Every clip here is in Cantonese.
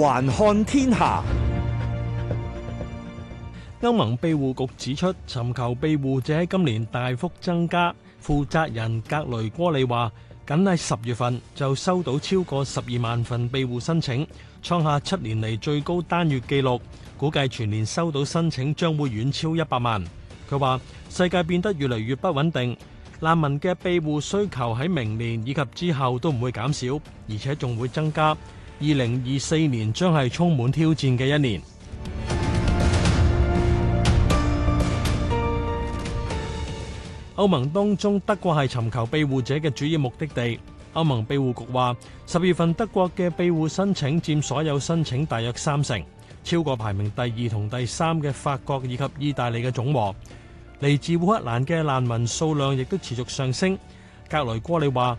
環看天下，歐盟庇護局指出，尋求庇護者喺今年大幅增加。負責人格雷戈里話，僅喺十月份就收到超過十二萬份庇護申請，創下七年嚟最高單月紀錄。估計全年收到申請將會遠超一百萬。佢話世界變得越嚟越不穩定，難民嘅庇護需求喺明年以及之後都唔會減少，而且仲會增加。二零二四年將係充滿挑戰嘅一年。歐盟當中，德國係尋求庇護者嘅主要目的地。歐盟庇護局話，十月份德國嘅庇護申請佔所有申請大約三成，超過排名第二同第三嘅法國以及意大利嘅總和。嚟自烏克蘭嘅難民數量亦都持續上升。格雷戈里話。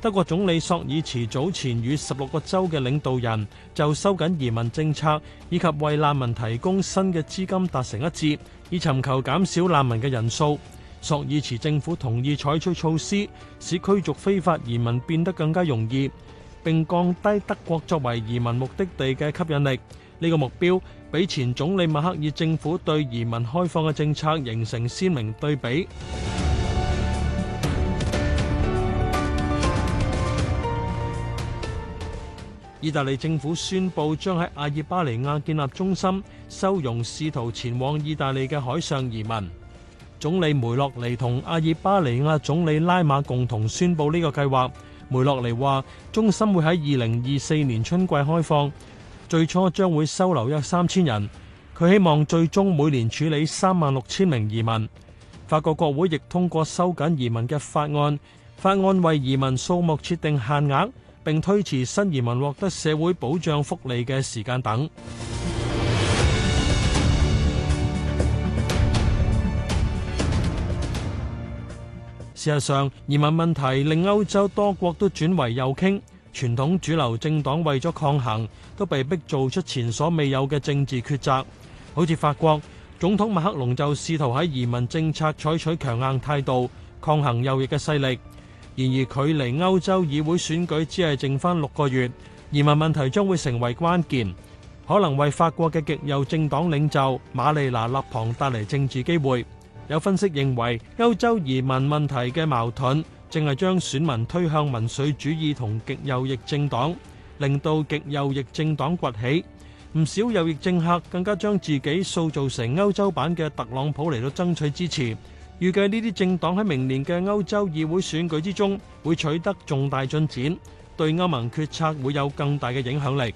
德國總理索爾茨早前與十六個州嘅領導人就收緊移民政策以及為難民提供新嘅資金達成一致，以尋求減少難民嘅人數。索爾茨政府同意採取措施，使驅逐非法移民變得更加容易，並降低德國作為移民目的地嘅吸引力。呢個目標，比前總理默克爾政府對移民開放嘅政策形成鮮明對比。意大利政府宣布將喺阿爾巴尼亞建立中心，收容試圖前往意大利嘅海上移民。總理梅洛尼同阿爾巴尼亞總理拉馬共同宣布呢個計劃。梅洛尼話：中心會喺二零二四年春季開放，最初將會收留約三千人。佢希望最終每年處理三萬六千名移民。法國國會亦通過收緊移民嘅法案，法案為移民數目設定限額。並推遲新移民獲得社會保障福利嘅時間等。事實上，移民問題令歐洲多國都轉為右傾，傳統主流政黨為咗抗衡，都被逼做出前所未有嘅政治抉擇。好似法國總統馬克龍就試圖喺移民政策採取強硬態度，抗衡右翼嘅勢力。然而，距離歐洲議會選舉只係剩翻六個月，移民問題將會成為關鍵，可能為法國嘅極右政黨領袖瑪麗娜勒龐帶嚟政治機會。有分析認為歐洲移民問題嘅矛盾，正係將選民推向民粹主義同極右翼政黨，令到極右翼政黨崛起。唔少右翼政客更加將自己塑造成歐洲版嘅特朗普嚟到爭取支持。預計呢啲政黨喺明年嘅歐洲議會選舉之中會取得重大進展，對歐盟決策會有更大嘅影響力。